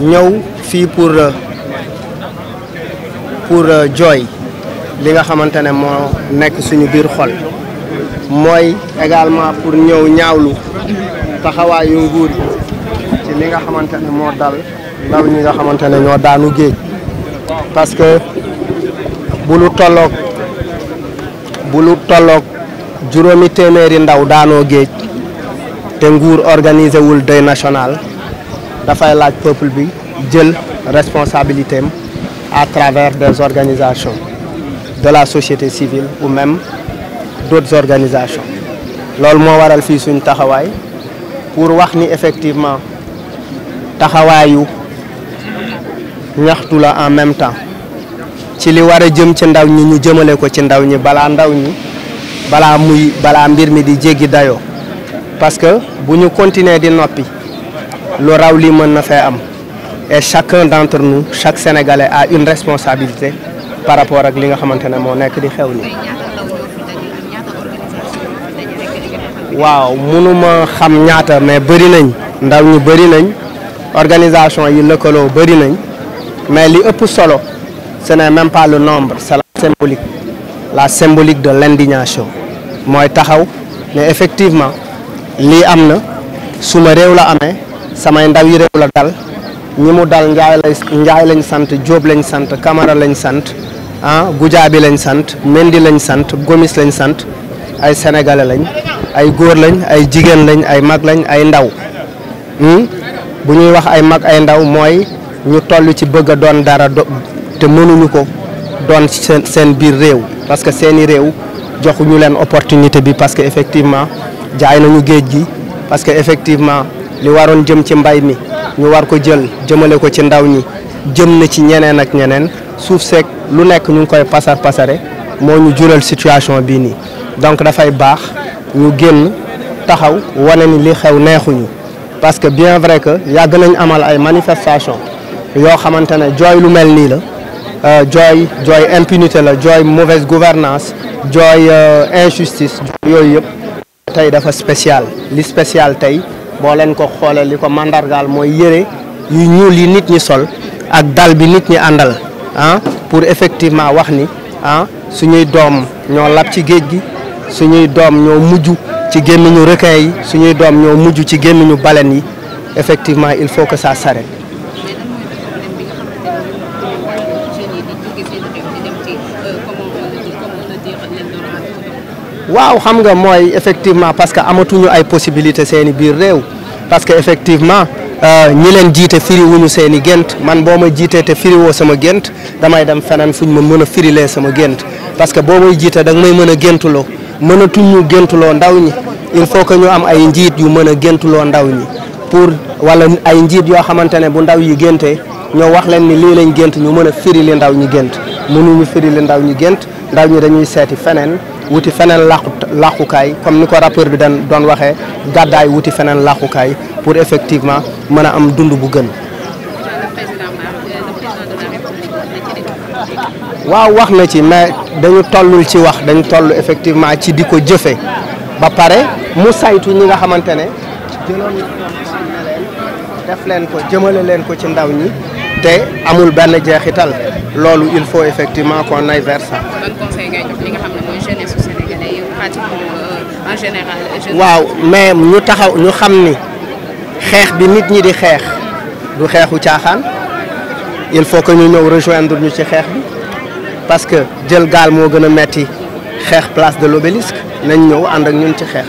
ñëw fii pour euh, pour euh, jooy li nga xamante ne moo nekk suñu biir xol mooy également pour ñëw ñaawlu taxawaayu nguur gi ci li nga xamante ne moo dal ndaw ñi nga xamante ne ñoo daanu géej parce que bu lu tolloog bu lu tolloog juróomi téeméeri ndaw daanoo géej te nguur organisé wul deuil national dafay laaj peuple bi jël responsabilité am à travers des organisations de la société civile ou même d'autres organisations loolu moo waral fii suñ taxawaay pour wax ni effectivement taxawaayu ñaxtu la en même temps ci li war a jëm ci ndaw ñi ñu jëmale ko ci ndaw ñi balaa ndaw ñi balaa muy balaa mbir mi di jéggi dayoo parce bu ñu continuer di noppi lu raw lii mën na fee am et chacun d'entre nous chaque sénégalais a une responsabilité par rapport ak li nga xamante ne moo nekk di xew ni waaw mënuma xam ñaata mais bëri nañ ndaw ñu bëri nañ organisation yi lëkkaloo bëri nañ mais li ëpp solo ce n'est même pas nombre c'est la symbolique la symbolique de l'indignation mooy taxaw ne effectivement lii am na suma réew la amee samay ndaw yi réew la dal ñi mu dal njaay lay njaay lañ sant jóob lañ sant kamara lañ sant ah gujaabi lañ sant mendi lañ sant gomis lañ sant ay sénégalais lañ ay góor lañ ay jigéen lañ ay mag lañ ay ndaw hmm? bu ñuy wax ay mag ay ndaw mooy ñu toll ci bëgg a doon dara te mënuñu ko doon seen seen biir réew parce que seeni réew joxuñu leen opportunité bi parce que effectivement jaay nañu géej gi parce effectivement li waroon jëm ci mbay mi ñu war ko jël jëmale ko ci ndaw ñi jëm na ci ñeneen ak ñeneen suuf seeg lu nekk ñu ngi koy pasar pasare moo ñu jural situation bii nii donc dafay baax ñu génn taxaw wane ni li xew neexuñu parce que bien vrai que yàgg nañu amal ay manifestation yoo xamante ne jooy lu mel nii la euh, jooy jooy impunité la jooy mauvaise gouvernance jooy euh, injustice yooyu yëpp tey dafa spécial li spécial tey boo leen ko xoolee li ko mandargaal mooy yére yu ñuul yi nit ñi sol ak dal bi nit ñi àndal ah, pour effectivement wax ni ah suñuy doom ñoo lab ci géej gi suñuy doom ñoo mujj ci gémmiñu requin yi suñuy doom ñoo mujj ci gémmiñu baleine yi effectivement il faut que ça s'arrête waaw xam nga mooy effectivement parce que amatuñu ay possibilité seeni biir réew parce que effectivement euh, ñi leen jiite firi wuñu seen i gént man boo ma jiitee te firi woo sama gént damay dem feneen fuñ ma mën a firilee sama gént parce que boo may jiite da may mën a géntuloo mënatuñu géntuloo ndaw ñi il faut que ñu am ay njiit yu mën a géntuloo ndaw ñi pour wala ay njiit yoo xamante ne bu ndaw yi géntee ñoo wax leen ni lii lañ gént ñu mën a firi li ndaw ñi gént mënuñu firi li ndaw ñi gént ndaw ñi dañuy seeti feneen wuti feneen làqu làqukaay comme ni ko rappeur bi dan doon waxee gàddaay wuti feneen làqukaay pour effectivement mën a am dund bu gën waaw wax na ci mais dañu tollul ci wax dañu toll effectivement ci di ko jëfe ba pare mu saytu ñi nga xamante ne jëloon def leen ko jëmale leen ko ci ndaw ñi te amul benn jeexital loolu il faut effectivement qu'on Euh, waaw mais ñu taxaw ñu xam ni xeex bi nit ñi di xeex du xeexu caaxaan il faut que ñu ñëw rejoindre ñu ci xeex bi parce que jël gaal moo gën a metti xeex place de l'obélisque nañ ñëw ànd ak ñun ci xeex.